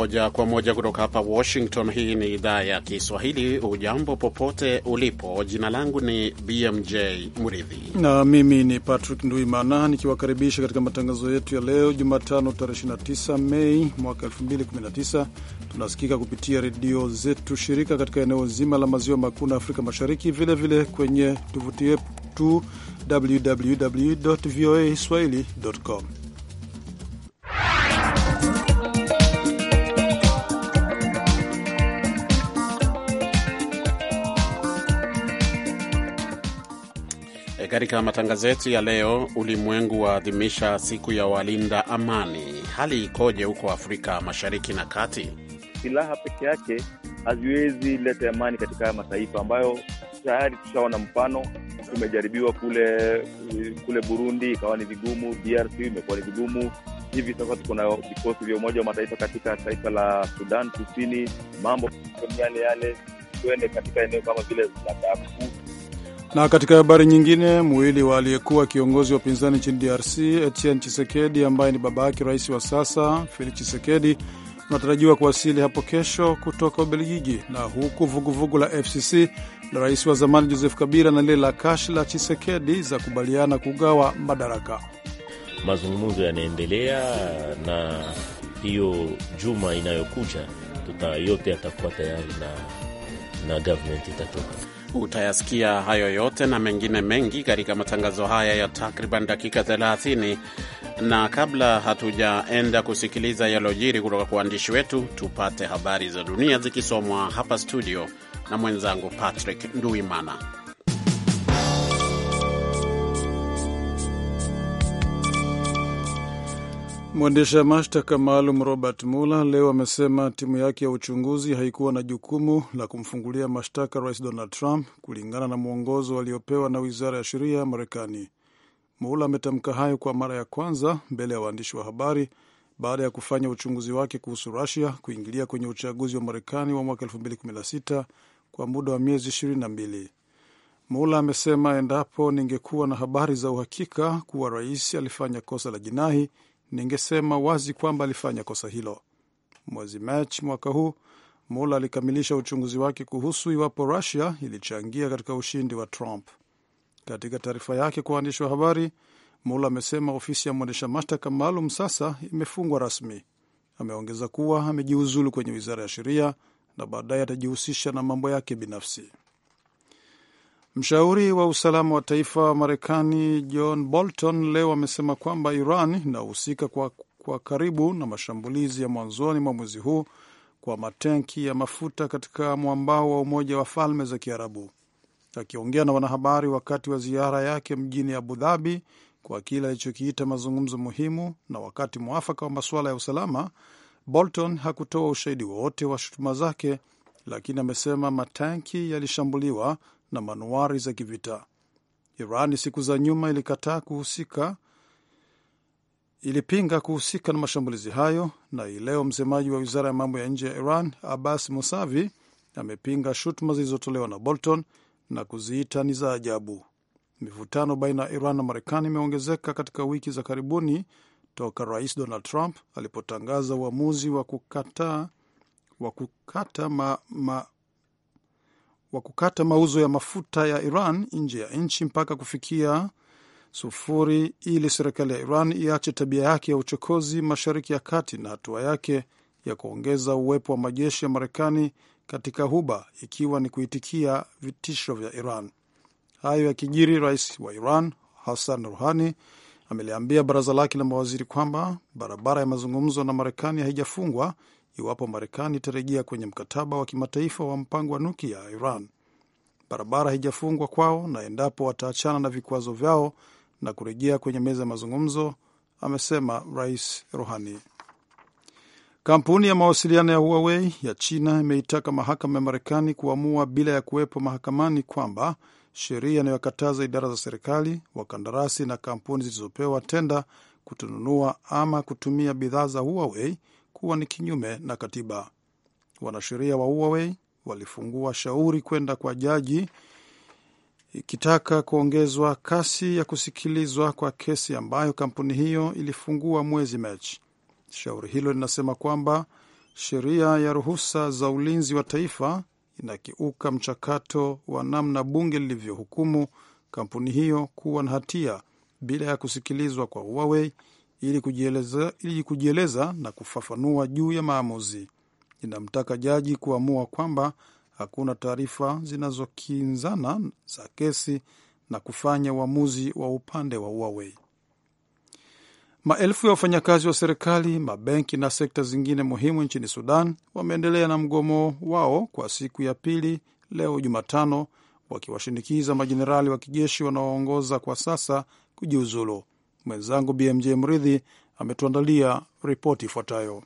moja kwa moja kutoka hapa Washington. Hii ni idhaa ya Kiswahili. Ujambo popote ulipo, jina langu ni BMJ Mridhi na mimi ni Patrick Nduimana nikiwakaribisha katika matangazo yetu ya leo Jumatano tarehe 29 Mei mwaka 2019. Tunasikika kupitia redio zetu shirika katika eneo zima la maziwa makuu na Afrika Mashariki, vilevile vile kwenye tovuti yetu www voa swahili com Katika matangazo yetu ya leo, ulimwengu waadhimisha siku ya walinda amani. Hali ikoje huko Afrika Mashariki na Kati? Silaha peke yake haziwezi leta amani katika haya mataifa ambayo tayari tushaona mfano tumejaribiwa kule kule Burundi, ikawa ni vigumu. DRC imekuwa ni vigumu. Hivi sasa tuko na vikosi vya Umoja wa Mataifa katika taifa la Sudan Kusini. Mambo yale yale, tuende katika eneo kama vile la Darfur na katika habari nyingine, mwili wa aliyekuwa kiongozi wa upinzani nchini DRC Etienne Chisekedi ambaye ni baba yake rais wa sasa Felix Chisekedi unatarajiwa kuwasili hapo kesho kutoka Ubelgiji, na huku vuguvugu vugu la FCC la rais wa zamani Joseph Kabila na lile la Kash la Chisekedi za kubaliana kugawa madaraka. Mazungumzo yanaendelea na hiyo juma inayokuja tuta yote yatakuwa tayari na, na government itatoka Utayasikia hayo yote na mengine mengi katika matangazo haya ya takriban dakika 30. Na kabla hatujaenda kusikiliza yalojiri kutoka kwa waandishi wetu, tupate habari za dunia zikisomwa hapa studio na mwenzangu Patrick Nduimana. Mwendesha mashtaka maalum Robert Mueller leo amesema timu yake ya uchunguzi haikuwa na jukumu la kumfungulia mashtaka Rais Donald Trump kulingana na mwongozo aliopewa na wizara ya sheria ya Marekani. Mueller ametamka hayo kwa mara ya kwanza mbele ya waandishi wa habari baada ya kufanya uchunguzi wake kuhusu Rusia kuingilia kwenye uchaguzi wa Marekani wa mwaka 2016 kwa muda wa miezi 22. Mueller amesema, endapo ningekuwa na habari za uhakika kuwa rais alifanya kosa la jinai ningesema wazi kwamba alifanya kosa hilo. Mwezi Machi mwaka huu, Mula alikamilisha uchunguzi wake kuhusu iwapo Russia ilichangia katika ushindi wa Trump. Katika taarifa yake kwa waandishi wa habari, Mula amesema ofisi ya mwendesha mashtaka maalum sasa imefungwa rasmi. Ameongeza kuwa amejiuzulu kwenye wizara ya sheria na baadaye atajihusisha na mambo yake binafsi. Mshauri wa usalama wa taifa wa Marekani John Bolton leo amesema kwamba Iran inahusika kwa, kwa karibu na mashambulizi ya mwanzoni mwa mwezi huu kwa matenki ya mafuta katika mwambao wa Umoja wa Falme za Kiarabu. Akiongea na wanahabari wakati wa ziara yake mjini Abu Dhabi kwa kile alichokiita mazungumzo muhimu na wakati mwafaka wa masuala ya usalama, Bolton hakutoa ushahidi wowote wa shutuma zake, lakini amesema matanki yalishambuliwa na manuari za kivita. Iran siku za nyuma ilikataa kuhusika, ilipinga kuhusika na mashambulizi hayo, na hii leo msemaji wa wizara ya mambo ya nje ya Iran Abbas Musavi amepinga shutuma zilizotolewa na Bolton na kuziita ni za ajabu. Mivutano baina ya Iran na Marekani imeongezeka katika wiki za karibuni toka Rais Donald Trump alipotangaza uamuzi wa kukata, wa kukata ma, ma, wa kukata mauzo ya mafuta ya Iran nje ya nchi mpaka kufikia sufuri ili serikali ya Iran iache tabia yake ya uchokozi Mashariki ya Kati na hatua yake ya kuongeza uwepo wa majeshi ya Marekani katika Huba ikiwa ni kuitikia vitisho vya Iran. Hayo yakijiri, rais wa Iran Hassan Rouhani ameliambia baraza lake la mawaziri kwamba barabara ya mazungumzo na Marekani haijafungwa iwapo Marekani itarejea kwenye mkataba wa kimataifa wa mpango wa nukia ya Iran. Barabara haijafungwa kwao, na endapo wataachana na vikwazo vyao na kurejea kwenye meza ya mazungumzo, amesema Rais Rohani. Kampuni ya mawasiliano ya Huawei ya China imeitaka mahakama ya Marekani kuamua bila ya kuwepo mahakamani kwamba sheria inayokataza idara za serikali, wakandarasi na kampuni zilizopewa tenda kutununua ama kutumia bidhaa za Huawei kuwa ni kinyume na katiba. Wanasheria wa Huawei walifungua shauri kwenda kwa jaji ikitaka kuongezwa kasi ya kusikilizwa kwa kesi ambayo kampuni hiyo ilifungua mwezi Machi. Shauri hilo linasema kwamba sheria ya ruhusa za ulinzi wa taifa inakiuka mchakato wa namna bunge lilivyohukumu kampuni hiyo kuwa na hatia bila ya kusikilizwa kwa Huawei ili kujieleza, ili kujieleza na kufafanua juu ya maamuzi. Inamtaka jaji kuamua kwamba hakuna taarifa zinazokinzana za kesi na kufanya uamuzi wa upande wa Huawei. Maelfu ya wafanyakazi wa serikali, mabenki na sekta zingine muhimu nchini Sudan wameendelea na mgomo wao kwa siku ya pili leo Jumatano, wakiwashinikiza majenerali wa kijeshi wanaoongoza kwa sasa kujiuzulu. Mwenzangu BMJ Mridhi ametuandalia ripoti ifuatayo.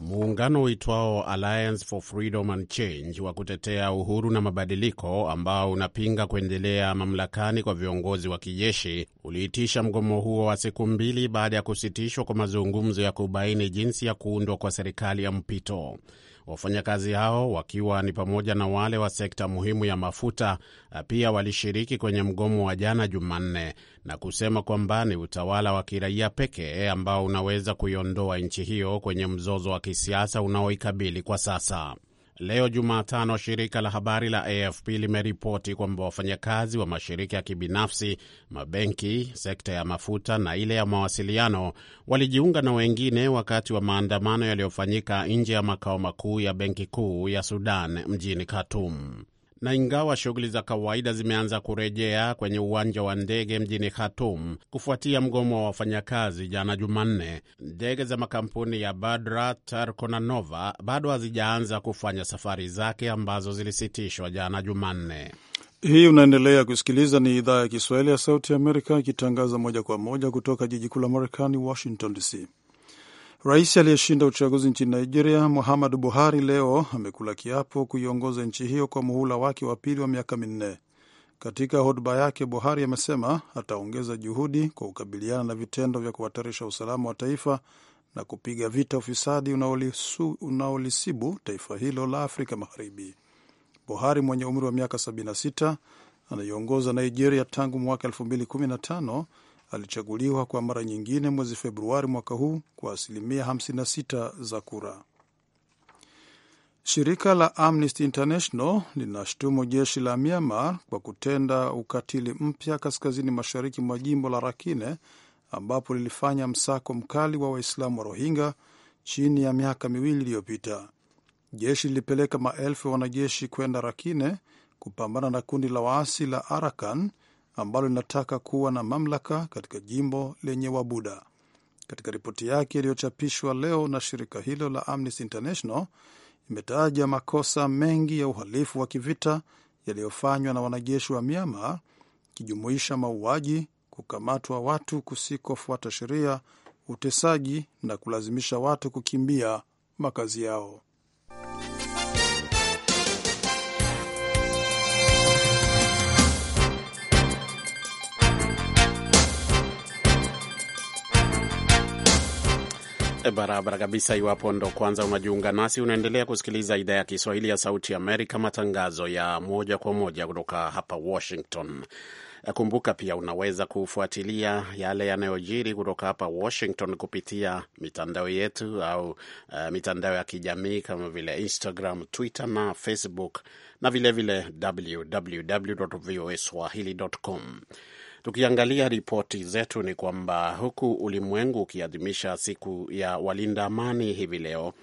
Muungano uitwao Alliance for Freedom and Change wa kutetea uhuru na mabadiliko ambao unapinga kuendelea mamlakani kwa viongozi wa kijeshi uliitisha mgomo huo wa siku mbili baada ya kusitishwa kwa mazungumzo ya kubaini jinsi ya kuundwa kwa serikali ya mpito. Wafanyakazi hao wakiwa ni pamoja na wale wa sekta muhimu ya mafuta eh, pia walishiriki kwenye mgomo wa jana Jumanne na kusema kwamba ni utawala wa kiraia pekee ambao unaweza kuiondoa nchi hiyo kwenye mzozo wa kisiasa unaoikabili kwa sasa. Leo Jumatano, shirika la habari la AFP limeripoti kwamba wafanyakazi wa mashirika ya kibinafsi, mabenki, sekta ya mafuta na ile ya mawasiliano walijiunga na wengine wakati wa maandamano yaliyofanyika nje ya makao makuu ya benki kuu ya Sudan mjini Khartoum na ingawa shughuli za kawaida zimeanza kurejea kwenye uwanja wa ndege mjini Khartoum kufuatia mgomo wa wafanyakazi jana Jumanne, ndege za makampuni ya Badra, Tarko na Nova bado hazijaanza kufanya safari zake ambazo zilisitishwa jana Jumanne. Hii unaendelea kusikiliza, ni idhaa ya Kiswahili ya Sauti ya Amerika ikitangaza moja kwa moja kutoka jiji kuu la Marekani, Washington DC. Rais aliyeshinda uchaguzi nchini Nigeria, Muhammadu Buhari, leo amekula kiapo kuiongoza nchi hiyo kwa muhula wake wa pili wa miaka minne. Katika hotuba yake, Buhari amesema ataongeza juhudi kwa kukabiliana na vitendo vya kuhatarisha usalama wa taifa na kupiga vita ufisadi unaolisibu taifa hilo la Afrika Magharibi. Buhari mwenye umri wa miaka 76 anaiongoza Nigeria tangu mwaka 2015 alichaguliwa kwa mara nyingine mwezi Februari mwaka huu kwa asilimia 56 za kura. Shirika la Amnesty International linashtumu jeshi la Myanmar kwa kutenda ukatili mpya kaskazini mashariki mwa jimbo la Rakhine ambapo lilifanya msako mkali wa Waislamu wa Rohingya chini ya miaka miwili iliyopita. Jeshi lilipeleka maelfu ya wanajeshi kwenda Rakhine kupambana na kundi la waasi la Arakan ambalo linataka kuwa na mamlaka katika jimbo lenye Wabuda. Katika ripoti yake iliyochapishwa leo na shirika hilo la Amnesty International, imetaja makosa mengi ya uhalifu wa kivita yaliyofanywa na wanajeshi wa Myanmar, ikijumuisha mauaji, kukamatwa watu kusikofuata sheria, utesaji na kulazimisha watu kukimbia makazi yao. Eh, barabara kabisa. Iwapo ndo kwanza unajiunga nasi, unaendelea kusikiliza idhaa ya Kiswahili ya Sauti Amerika, matangazo ya moja kwa moja kutoka hapa Washington. Eh, kumbuka pia unaweza kufuatilia yale yanayojiri kutoka hapa Washington kupitia mitandao yetu au uh, mitandao ya kijamii kama vile Instagram, Twitter na Facebook na vilevile www voa swahili.com. Tukiangalia ripoti zetu ni kwamba huku ulimwengu ukiadhimisha siku ya walinda amani hivi leo,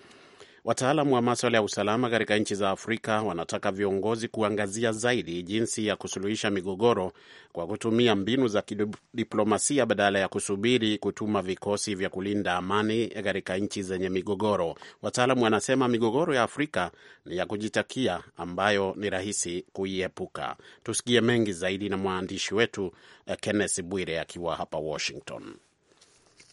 Wataalamu wa maswala ya usalama katika nchi za Afrika wanataka viongozi kuangazia zaidi jinsi ya kusuluhisha migogoro kwa kutumia mbinu za kidiplomasia badala ya kusubiri kutuma vikosi vya kulinda amani katika nchi zenye migogoro. Wataalamu wanasema migogoro ya Afrika ni ya kujitakia ambayo ni rahisi kuiepuka. Tusikie mengi zaidi na mwandishi wetu eh, Kenneth Bwire akiwa hapa Washington.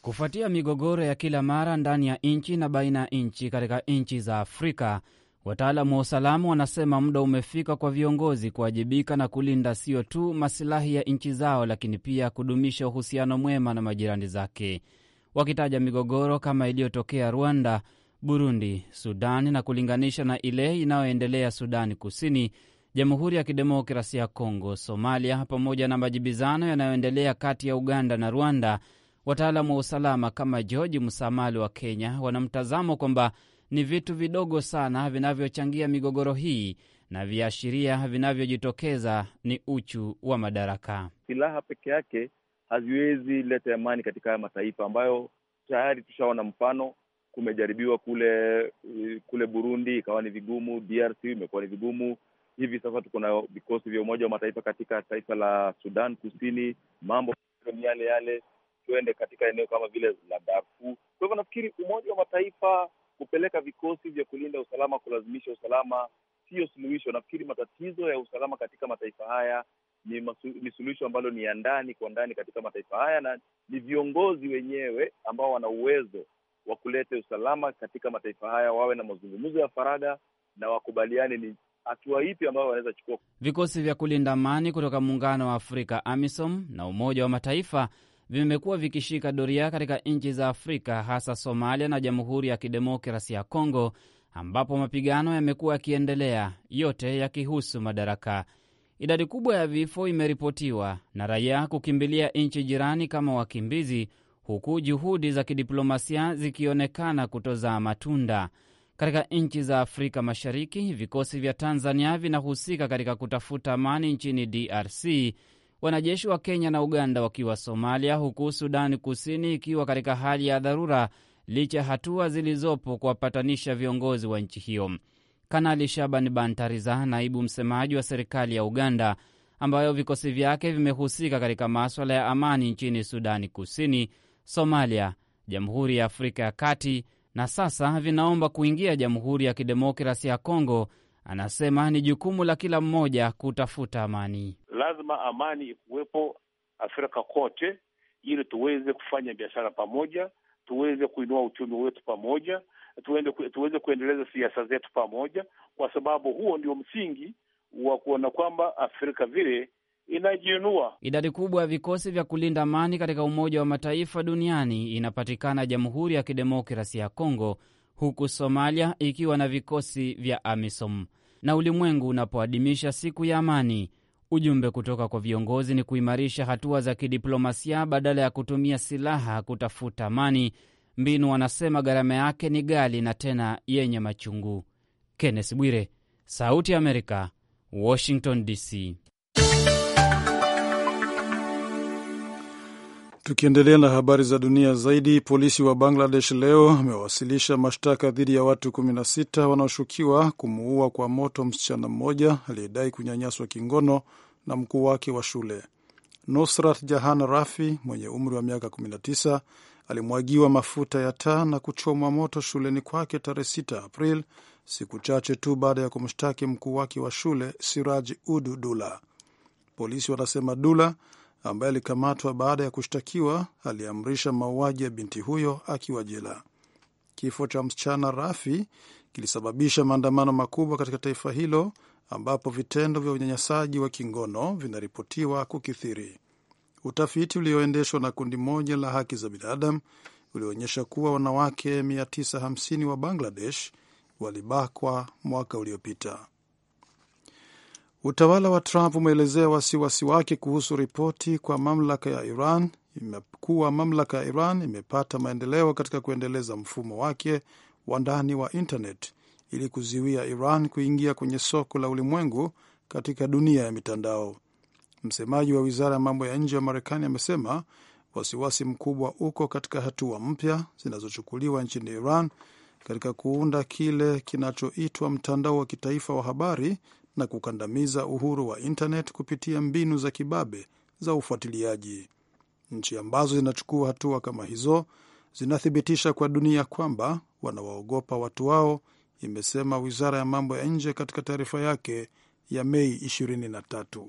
Kufuatia migogoro ya kila mara ndani ya nchi na baina ya nchi katika nchi za Afrika, wataalamu wa usalama wanasema muda umefika kwa viongozi kuwajibika na kulinda sio tu masilahi ya nchi zao, lakini pia kudumisha uhusiano mwema na majirani zake, wakitaja migogoro kama iliyotokea Rwanda, Burundi, Sudani na kulinganisha na ile inayoendelea Sudani Kusini, Jamhuri ya Kidemokrasia ya Kongo, Somalia, pamoja na majibizano yanayoendelea kati ya Uganda na Rwanda Wataalamu wa usalama kama George Musamali wa Kenya wanamtazamo kwamba ni vitu vidogo sana vinavyochangia migogoro hii na viashiria vinavyojitokeza ni uchu wa madaraka. Silaha peke yake haziwezi leta amani katika haya mataifa ambayo tayari tushaona mfano, kumejaribiwa kule kule Burundi ikawa ni vigumu, DRC imekuwa ni vigumu. Hivi sasa tuko na vikosi vya Umoja wa Mataifa katika taifa la Sudan Kusini, mambo ni yale yale tuende katika eneo kama vile la Darfur. Kwa hivyo nafikiri Umoja wa Mataifa kupeleka vikosi vya kulinda usalama, kulazimisha usalama siyo suluhisho. Nafikiri matatizo ya usalama katika mataifa haya ni, masu, ni suluhisho ambalo ni ya ndani kwa ndani katika mataifa haya, na ni viongozi wenyewe ambao wana uwezo wa kuleta usalama katika mataifa haya, wawe na mazungumzo ya faraga na wakubaliane ni hatua ipi ambayo wanaweza chukua. Vikosi vya kulinda amani kutoka Muungano wa Afrika AMISOM na Umoja wa Mataifa vimekuwa vikishika doria katika nchi za Afrika, hasa Somalia na Jamhuri ya Kidemokrasi ya Kongo, ambapo mapigano yamekuwa yakiendelea, yote yakihusu madaraka. Idadi kubwa ya vifo imeripotiwa na raia kukimbilia nchi jirani kama wakimbizi, huku juhudi za kidiplomasia zikionekana kutozaa matunda. Katika nchi za Afrika Mashariki, vikosi vya Tanzania vinahusika katika kutafuta amani nchini DRC wanajeshi wa Kenya na Uganda wakiwa Somalia, huku Sudani Kusini ikiwa katika hali ya dharura licha ya hatua zilizopo kuwapatanisha viongozi wa nchi hiyo. Kanali Shaban Bantariza, naibu msemaji wa serikali ya Uganda ambayo vikosi vyake vimehusika katika maswala ya amani nchini Sudani Kusini, Somalia, Jamhuri ya Afrika ya Kati na sasa vinaomba kuingia Jamhuri ya Kidemokrasi ya Kongo Anasema ni jukumu la kila mmoja kutafuta amani. Lazima amani ikuwepo Afrika kote, ili tuweze kufanya biashara pamoja, tuweze kuinua uchumi wetu pamoja, tuende, tuweze kuendeleza siasa zetu pamoja, kwa sababu huo ndio msingi wa kuona kwamba Afrika vile inajiinua. Idadi kubwa ya vikosi vya kulinda amani katika Umoja wa Mataifa duniani inapatikana Jamhuri ya Kidemokrasia ya Kongo huku Somalia ikiwa na vikosi vya AMISOM. Na ulimwengu unapoadhimisha siku ya amani, ujumbe kutoka kwa viongozi ni kuimarisha hatua za kidiplomasia badala ya kutumia silaha kutafuta amani, mbinu wanasema gharama yake ni ghali na tena yenye machungu. Kenneth Bwire, Sauti ya Amerika, Washington DC. Tukiendelea na habari za dunia zaidi, polisi wa Bangladesh leo amewasilisha mashtaka dhidi ya watu 16 wanaoshukiwa kumuua kwa moto msichana mmoja aliyedai kunyanyaswa kingono na mkuu wake wa shule. Nusrat Jahan Rafi mwenye umri wa miaka 19 alimwagiwa mafuta ya taa na kuchomwa moto shuleni kwake tarehe 6 April, siku chache tu baada ya kumshtaki mkuu wake wa shule Siraj Udu Dula. Polisi wanasema Dula ambaye alikamatwa baada ya kushtakiwa aliamrisha mauaji ya binti huyo akiwa jela. Kifo cha msichana Rafi kilisababisha maandamano makubwa katika taifa hilo ambapo vitendo vya unyanyasaji wa kingono vinaripotiwa kukithiri. Utafiti ulioendeshwa na kundi moja la haki za binadamu ulionyesha kuwa wanawake 950 wa Bangladesh walibakwa mwaka uliopita. Utawala wa Trump umeelezea wasiwasi wake kuhusu ripoti kwa mamlaka ya Iran kuwa mamlaka ya Iran imepata maendeleo katika kuendeleza mfumo wake wa ndani wa internet ili kuziwia Iran kuingia kwenye soko la ulimwengu katika dunia ya mitandao. Msemaji wa wizara ya mambo ya nje ya Marekani amesema wasiwasi mkubwa uko katika hatua mpya zinazochukuliwa nchini Iran katika kuunda kile kinachoitwa mtandao wa kitaifa wa habari na kukandamiza uhuru wa intanet kupitia mbinu za kibabe za ufuatiliaji. Nchi ambazo zinachukua hatua kama hizo zinathibitisha kwa dunia kwamba wanawaogopa watu wao, imesema wizara ya mambo ya nje katika taarifa yake ya Mei 23.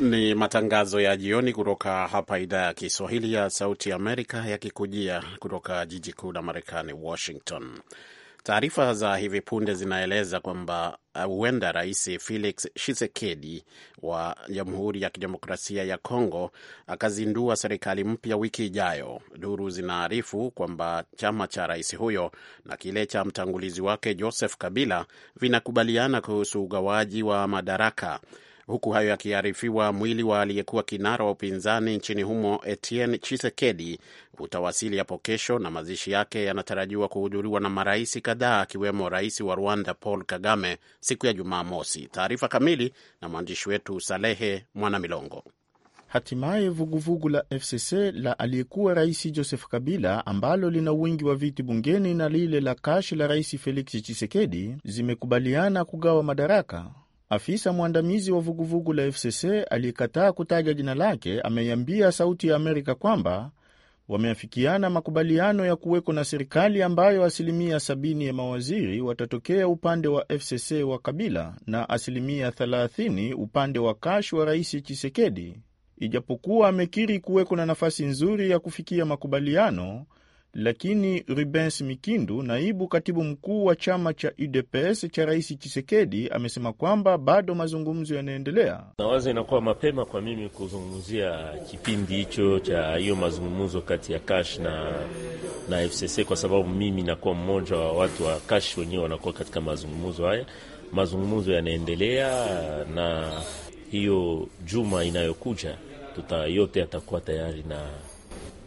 Ni matangazo ya jioni kutoka hapa idhaa ya Kiswahili ya Sauti Amerika yakikujia kutoka jiji kuu la Marekani, Washington. Taarifa za hivi punde zinaeleza kwamba uh, huenda Rais Felix Tshisekedi wa Jamhuri ya Kidemokrasia ya congo akazindua serikali mpya wiki ijayo. Duru zinaarifu kwamba chama cha rais huyo na kile cha mtangulizi wake Joseph Kabila vinakubaliana kuhusu ugawaji wa madaraka. Huku hayo yakiarifiwa, mwili wa aliyekuwa kinara wa upinzani nchini humo Etienne Chisekedi utawasili hapo kesho, na mazishi yake yanatarajiwa kuhudhuriwa na marais kadhaa akiwemo rais wa Rwanda Paul Kagame siku ya Jumamosi. Taarifa kamili na mwandishi wetu Salehe Mwanamilongo. Hatimaye vuguvugu la FCC la aliyekuwa rais Joseph Kabila ambalo lina wingi wa viti bungeni na lile la Kashi la rais Felix chisekedi zimekubaliana kugawa madaraka Afisa mwandamizi wa vuguvugu la FCC aliyekataa kutaja jina lake ameiambia Sauti ya Amerika kwamba wameafikiana makubaliano ya kuweko na serikali ambayo asilimia 70 ya mawaziri watatokea upande wa FCC wa Kabila na asilimia 30 upande wa Kash wa Rais Chisekedi, ijapokuwa amekiri kuweko na nafasi nzuri ya kufikia makubaliano. Lakini Rubens Mikindu, naibu katibu mkuu wa chama cha UDPS cha Rais Chisekedi, amesema kwamba bado mazungumzo yanaendelea. Nawaza inakuwa mapema kwa mimi kuzungumzia kipindi hicho cha hiyo mazungumzo kati ya Kash na, na FCC kwa sababu mimi nakuwa mmoja wa watu wa Kash wenyewe wanakuwa katika mazungumzo haya. Mazungumzo yanaendelea na hiyo juma inayokuja tuta yote yatakuwa tayari na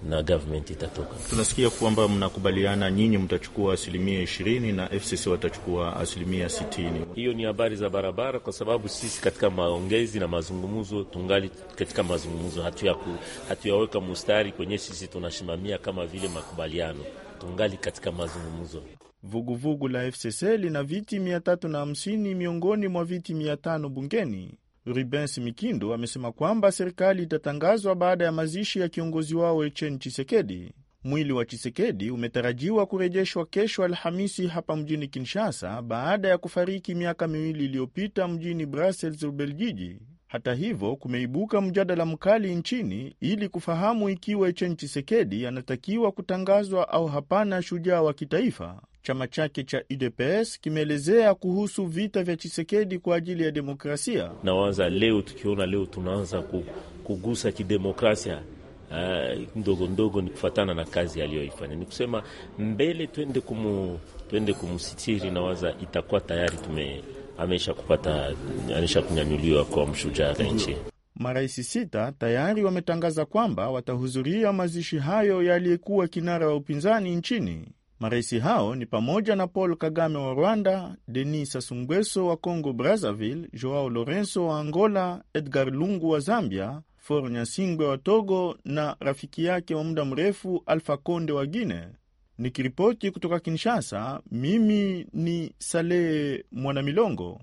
na government itatoka. Tunasikia kwamba mnakubaliana nyinyi mtachukua asilimia ishirini na FCC watachukua asilimia sitini. Hiyo ni habari za barabara, kwa sababu sisi katika maongezi na mazungumzo tungali katika mazungumzo, hatuyaweka hatu mustari kwenye sisi tunasimamia kama vile makubaliano, tungali katika mazungumzo. Vuguvugu vugu la FCC lina viti mia tatu na hamsini miongoni mwa viti mia tano bungeni Rubens Mikindo amesema kwamba serikali itatangazwa baada ya mazishi ya kiongozi wao Etienne chisekedi Mwili wa Chisekedi umetarajiwa kurejeshwa kesho Alhamisi hapa mjini Kinshasa baada ya kufariki miaka miwili iliyopita mjini Brussels, Ubelgiji. Hata hivyo, kumeibuka mjadala mkali nchini ili kufahamu ikiwa Etienne Chisekedi anatakiwa kutangazwa au hapana shujaa wa kitaifa chama chake cha UDPS kimeelezea kuhusu vita vya Chisekedi kwa ajili ya demokrasia. Nawaza leo tukiona leo tunaanza kugusa kidemokrasia Uh, ndogo ndogo ni kufatana na kazi aliyoifanya, ni kusema mbele twende kumu, twende kumusitiri. Nawaza itakuwa tayari tume amesha kupata amesha kunyanyuliwa kwa mshujaa ya nchi. Marais sita tayari wametangaza kwamba watahudhuria mazishi hayo yaliyekuwa kinara wa upinzani nchini. Marais hao ni pamoja na Paul Kagame wa Rwanda, Denis Sassou Nguesso wa Congo Brazzaville, Joao Lorenso wa Angola, Edgar Lungu wa Zambia, For Nyasingwe wa Togo na rafiki yake wa muda mrefu Alpha Konde wa Guinea. Nikiripoti kutoka Kinshasa, mimi ni Saleh Mwanamilongo.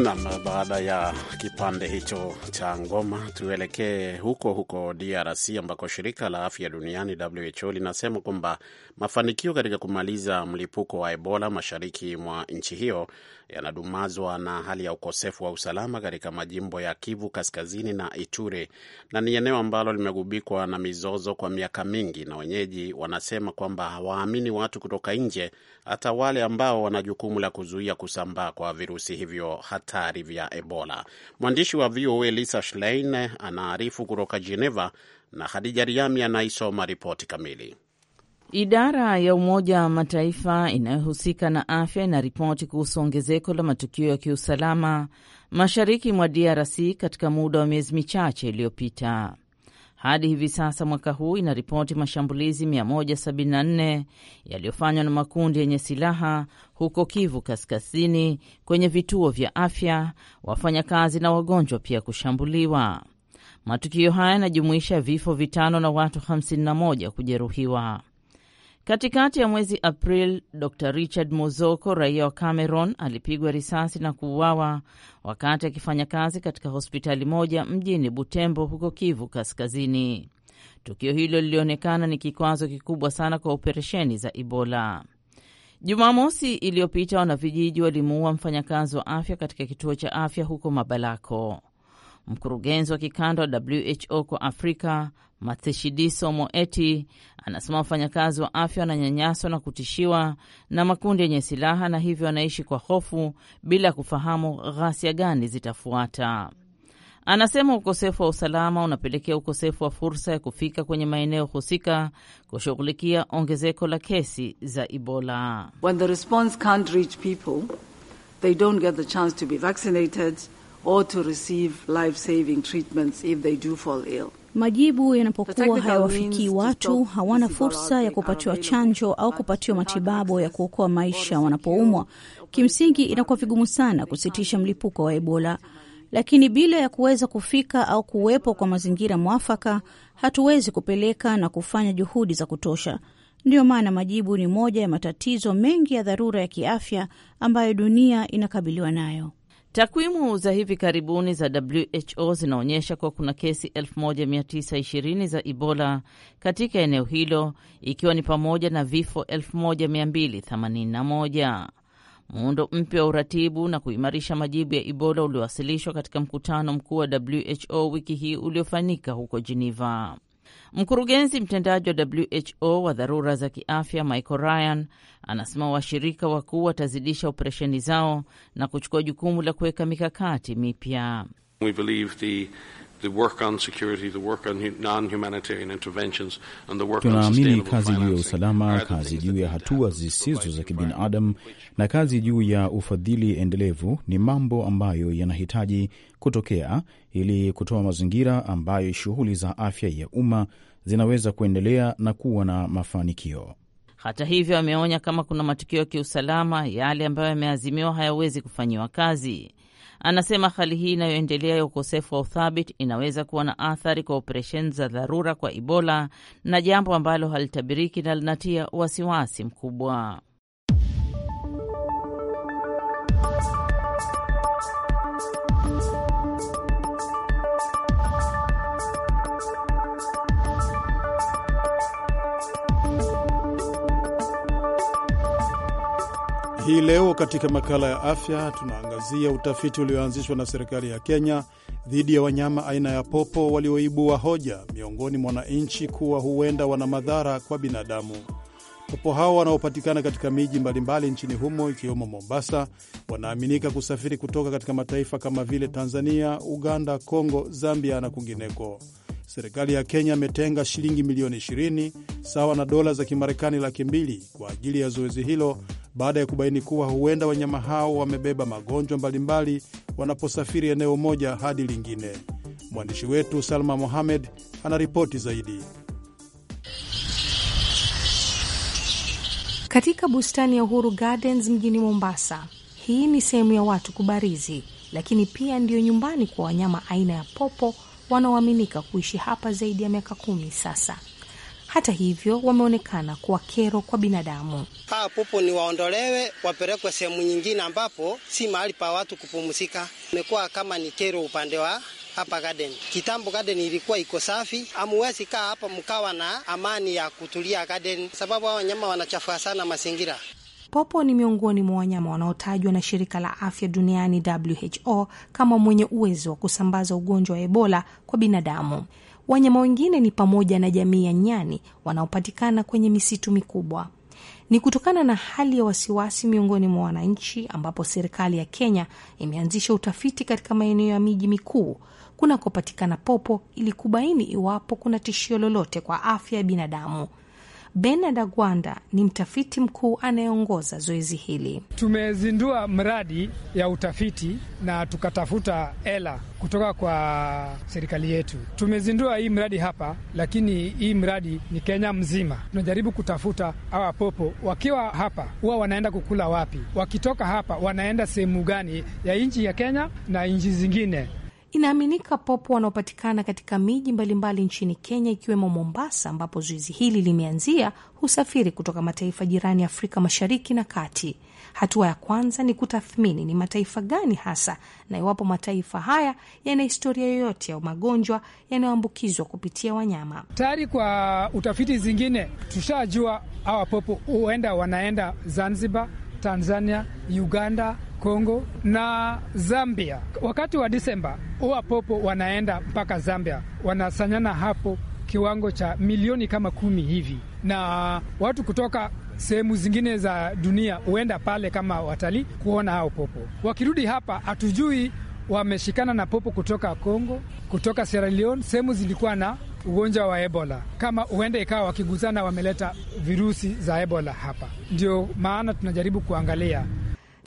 Nam, baada ya kipande hicho cha ngoma, tuelekee huko huko DRC ambako shirika la afya duniani WHO linasema kwamba mafanikio katika kumaliza mlipuko wa Ebola mashariki mwa nchi hiyo yanadumazwa na hali ya ukosefu wa usalama katika majimbo ya Kivu Kaskazini na Ituri, na ni eneo ambalo limegubikwa na mizozo kwa miaka mingi, na wenyeji wanasema kwamba hawaamini watu kutoka nje, hata wale ambao wana jukumu la kuzuia kusambaa kwa virusi hivyo hatari vya Ebola. Mwandishi wa VOA Lisa Schlein anaarifu kutoka Geneva na hadija Riami anaisoma ripoti kamili. Idara ya Umoja wa Mataifa inayohusika na afya ina ripoti kuhusu ongezeko la matukio ya kiusalama mashariki mwa DRC katika muda wa miezi michache iliyopita. Hadi hivi sasa mwaka huu inaripoti mashambulizi 174 yaliyofanywa na makundi yenye silaha huko Kivu Kaskazini kwenye vituo vya afya, wafanyakazi na wagonjwa pia kushambuliwa. Matukio haya yanajumuisha vifo vitano na watu 51 kujeruhiwa. Katikati ya mwezi Aprili, Dr Richard Muzoko, raia wa Cameron, alipigwa risasi na kuuawa wakati akifanya kazi katika hospitali moja mjini Butembo, huko Kivu Kaskazini. Tukio hilo lilionekana ni kikwazo kikubwa sana kwa operesheni za Ebola. Jumamosi iliyopita wanavijiji walimuua mfanyakazi wa afya katika kituo cha afya huko Mabalako. Mkurugenzi wa kikanda wa WHO kwa Afrika Matshidiso Moeti anasema wafanyakazi wa afya wananyanyaswa na kutishiwa na makundi yenye silaha na hivyo wanaishi kwa hofu bila kufahamu ghasia gani zitafuata. Anasema ukosefu wa usalama unapelekea ukosefu wa fursa ya kufika kwenye maeneo husika kushughulikia ongezeko la kesi za Ebola. When the response can't reach people, they don't get the chance to be vaccinated or to receive life-saving treatments if they do fall ill. Majibu yanapokuwa hayawafikii watu, hawana fursa ya kupatiwa chanjo au kupatiwa matibabu ya kuokoa maisha wanapoumwa. Kimsingi, inakuwa vigumu sana kusitisha mlipuko wa Ebola lakini bila ya kuweza kufika au kuwepo kwa mazingira mwafaka, hatuwezi kupeleka na kufanya juhudi za kutosha. Ndiyo maana majibu ni moja ya matatizo mengi ya dharura ya kiafya ambayo dunia inakabiliwa nayo. Takwimu za hivi karibuni za WHO zinaonyesha kuwa kuna kesi 1920 za Ebola katika eneo hilo ikiwa ni pamoja na vifo 1281. Muundo mpya wa uratibu na kuimarisha majibu ya Ebola uliowasilishwa katika mkutano mkuu wa WHO wiki hii uliofanyika huko Geneva. Mkurugenzi mtendaji wa WHO wa dharura za kiafya Michael Ryan anasema washirika wakuu watazidisha operesheni zao na kuchukua jukumu la kuweka mikakati mipya. Tunaamini kazi juu ya usalama, kazi juu ya hatua zisizo za kibinadamu na kazi juu ya ufadhili endelevu ni mambo ambayo yanahitaji kutokea ili kutoa mazingira ambayo shughuli za afya ya umma zinaweza kuendelea na kuwa na mafanikio. Hata hivyo, ameonya kama kuna matukio ya kiusalama, yale ambayo yameazimiwa hayawezi kufanyiwa kazi. Anasema hali hii inayoendelea ya ukosefu wa uthabiti inaweza kuwa na athari kwa operesheni za dharura kwa Ebola na jambo ambalo halitabiriki na linatia wasiwasi mkubwa. Hii leo katika makala ya afya tunaangazia utafiti ulioanzishwa na serikali ya Kenya dhidi ya wanyama aina ya popo walioibua hoja miongoni mwa wananchi kuwa huenda wana madhara kwa binadamu. Popo hao wanaopatikana katika miji mbalimbali nchini humo ikiwemo Mombasa wanaaminika kusafiri kutoka katika mataifa kama vile Tanzania, Uganda, Kongo, Zambia na kwingineko. Serikali ya Kenya imetenga shilingi milioni 20 sawa na dola za Kimarekani laki mbili kwa ajili ya zoezi hilo baada ya kubaini kuwa huenda wanyama hao wamebeba magonjwa mbalimbali wanaposafiri eneo moja hadi lingine. Mwandishi wetu Salma Mohamed anaripoti zaidi. Katika bustani ya Uhuru Gardens mjini Mombasa, hii ni sehemu ya watu kubarizi, lakini pia ndiyo nyumbani kwa wanyama aina ya popo wanaoaminika kuishi hapa zaidi ya miaka kumi sasa hata hivyo wameonekana kuwa kero kwa binadamu. Hawa pupu ni waondolewe, wapelekwe sehemu nyingine ambapo si mahali pa watu kupumzika. Imekuwa kama ni kero upande wa hapa garden. Kitambo garden ilikuwa iko safi, amuwezi kaa hapa mkawa na amani ya kutulia garden, sababu hawa wanyama wanachafua sana mazingira. Popo ni miongoni mwa wanyama wanaotajwa na shirika la afya duniani WHO kama mwenye uwezo wa kusambaza ugonjwa wa Ebola kwa binadamu. Wanyama wengine ni pamoja na jamii ya nyani wanaopatikana kwenye misitu mikubwa. Ni kutokana na hali ya wasiwasi miongoni mwa wananchi, ambapo serikali ya Kenya imeanzisha utafiti katika maeneo ya miji mikuu kunakopatikana popo ili kubaini iwapo kuna tishio lolote kwa afya ya binadamu. Benard Agwanda ni mtafiti mkuu anayeongoza zoezi hili. Tumezindua mradi ya utafiti na tukatafuta hela kutoka kwa serikali yetu. Tumezindua hii mradi hapa, lakini hii mradi ni Kenya mzima. Tunajaribu kutafuta hawa popo, wakiwa hapa huwa wanaenda kukula wapi? Wakitoka hapa wanaenda sehemu gani ya nchi ya Kenya na nchi zingine? Inaaminika popo wanaopatikana katika miji mbalimbali nchini Kenya, ikiwemo Mombasa ambapo zoezi hili limeanzia, husafiri kutoka mataifa jirani Afrika Mashariki na Kati. Hatua ya kwanza ni kutathmini ni mataifa gani hasa na iwapo mataifa haya yana historia yoyote ya magonjwa yanayoambukizwa kupitia wanyama. Tayari kwa utafiti zingine tushajua hawa popo huenda wanaenda Zanzibar Tanzania, Uganda, Kongo na Zambia. Wakati wa Disemba huwa popo wanaenda mpaka Zambia, wanasanyana hapo kiwango cha milioni kama kumi hivi, na watu kutoka sehemu zingine za dunia huenda pale kama watalii kuona hao popo. Wakirudi hapa, hatujui wameshikana na popo kutoka Kongo, kutoka Sierra Leone, sehemu zilikuwa na ugonjwa wa Ebola, kama huenda ikawa wakiguzana wameleta virusi za Ebola hapa. Ndio maana tunajaribu kuangalia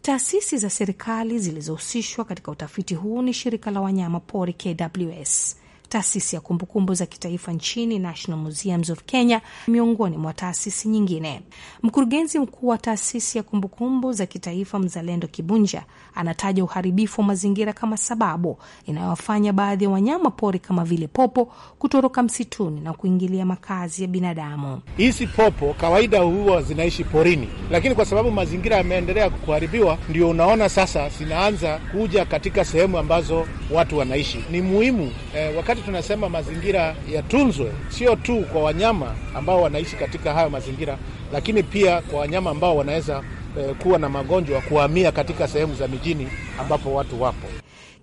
Taasisi za serikali zilizohusishwa katika utafiti huu ni shirika la wanyama pori KWS, taasisi ya kumbukumbu za kitaifa nchini National Museums of Kenya, miongoni mwa taasisi nyingine. Mkurugenzi mkuu wa taasisi ya kumbukumbu za kitaifa Mzalendo Kibunja anataja uharibifu wa mazingira kama sababu inayowafanya baadhi ya wanyama pori kama vile popo kutoroka msituni na kuingilia makazi ya binadamu. Hizi popo kawaida huwa zinaishi porini, lakini kwa sababu mazingira yameendelea kuharibiwa, ndio unaona sasa zinaanza kuja katika sehemu ambazo watu wanaishi. Ni muhimu eh, wakati tunasema mazingira yatunzwe, sio tu kwa wanyama ambao wanaishi katika hayo mazingira, lakini pia kwa wanyama ambao wanaweza eh, kuwa na magonjwa kuhamia katika sehemu za mijini ambapo watu wapo.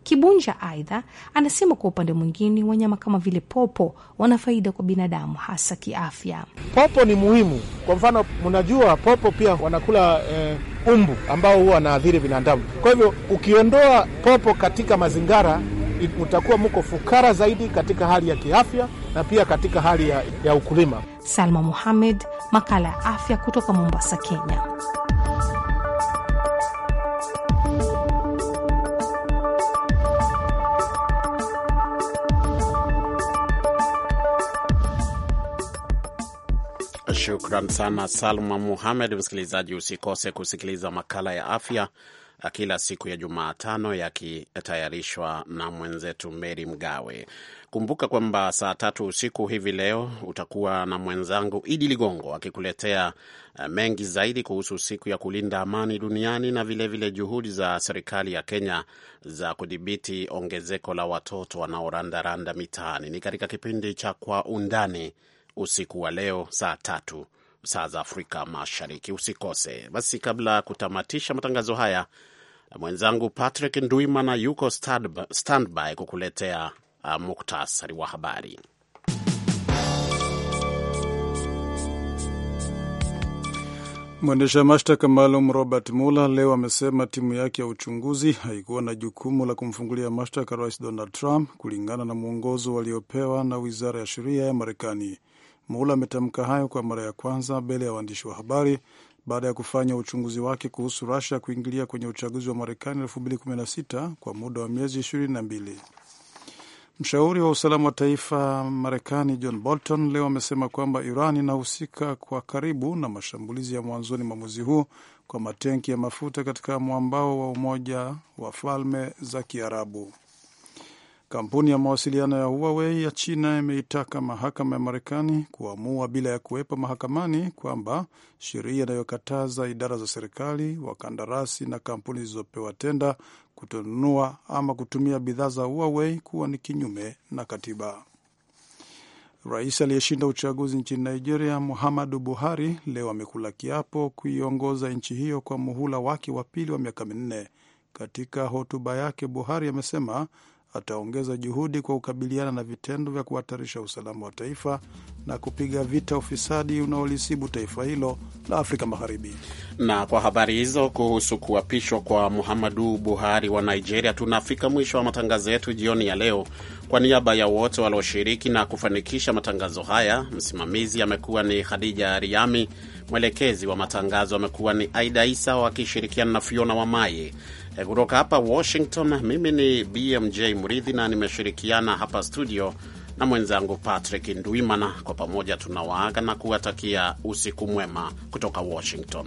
Kibunja aidha anasema kwa upande mwingine, wanyama kama vile popo wana faida kwa binadamu, hasa kiafya. Popo ni muhimu. Kwa mfano, mnajua popo pia wanakula eh, umbu ambao huwa wanaathiri binadamu. Kwa hivyo ukiondoa popo katika mazingira utakuwa mko fukara zaidi katika hali ya kiafya na pia katika hali ya, ya ukulima. Salma Muhamed, makala ya afya kutoka Mombasa, Kenya. Shukran sana Salma Muhamed. Msikilizaji, usikose kusikiliza makala ya afya kila siku ya Jumatano, yakitayarishwa na mwenzetu Meri Mgawe. Kumbuka kwamba saa tatu usiku hivi leo utakuwa na mwenzangu Idi Ligongo akikuletea eh, mengi zaidi kuhusu siku ya kulinda amani duniani na vilevile vile juhudi za serikali ya Kenya za kudhibiti ongezeko la watoto wanaorandaranda mitaani. Ni katika kipindi cha Kwa Undani usiku wa leo saa tatu saa za Afrika Mashariki. Usikose. Basi, kabla ya kutamatisha matangazo haya Mwenzangu Patrick Ndwimana yuko standby kukuletea uh, muktasari wa habari. Mwendesha mashtaka maalum Robert Mueller leo amesema timu yake ya uchunguzi haikuwa na jukumu la kumfungulia mashtaka Rais Donald Trump kulingana na mwongozo waliopewa na wizara ya sheria ya Marekani. Mueller ametamka hayo kwa mara ya kwanza mbele ya waandishi wa habari baada ya kufanya uchunguzi wake kuhusu Rusia kuingilia kwenye uchaguzi wa Marekani 2016 kwa muda wa miezi 22. Mshauri wa usalama wa taifa Marekani John Bolton leo amesema kwamba Iran inahusika kwa karibu na mashambulizi ya mwanzoni mwa mwezi huu kwa matenki ya mafuta katika mwambao wa Umoja wa Falme za Kiarabu. Kampuni ya mawasiliano ya Huawei ya China imeitaka mahakama ya Marekani kuamua bila ya kuwepo mahakamani kwamba sheria inayokataza idara za serikali, wakandarasi na kampuni zilizopewa tenda kutonunua ama kutumia bidhaa za Huawei kuwa ni kinyume na katiba. Rais aliyeshinda uchaguzi nchini Nigeria, Muhammadu Buhari, leo amekula kiapo kuiongoza nchi hiyo kwa muhula wake wa pili wa miaka minne. Katika hotuba yake, Buhari amesema ataongeza juhudi kwa kukabiliana na vitendo vya kuhatarisha usalama wa taifa na kupiga vita ufisadi unaolisibu taifa hilo la Afrika Magharibi. Na kwa habari hizo kuhusu kuapishwa kwa Muhammadu Buhari wa Nigeria, tunafika mwisho wa matangazo yetu jioni ya leo. Kwa niaba ya wote walioshiriki na kufanikisha matangazo haya, msimamizi amekuwa ni Khadija Riami, mwelekezi wa matangazo amekuwa ni Aida Isa wakishirikiana na Fiona Wamaye. E, kutoka hapa Washington, mimi ni BMJ Mridhi na nimeshirikiana hapa studio na mwenzangu Patrick Ndwimana. Kwa pamoja tunawaaga na kuwatakia usiku mwema kutoka Washington.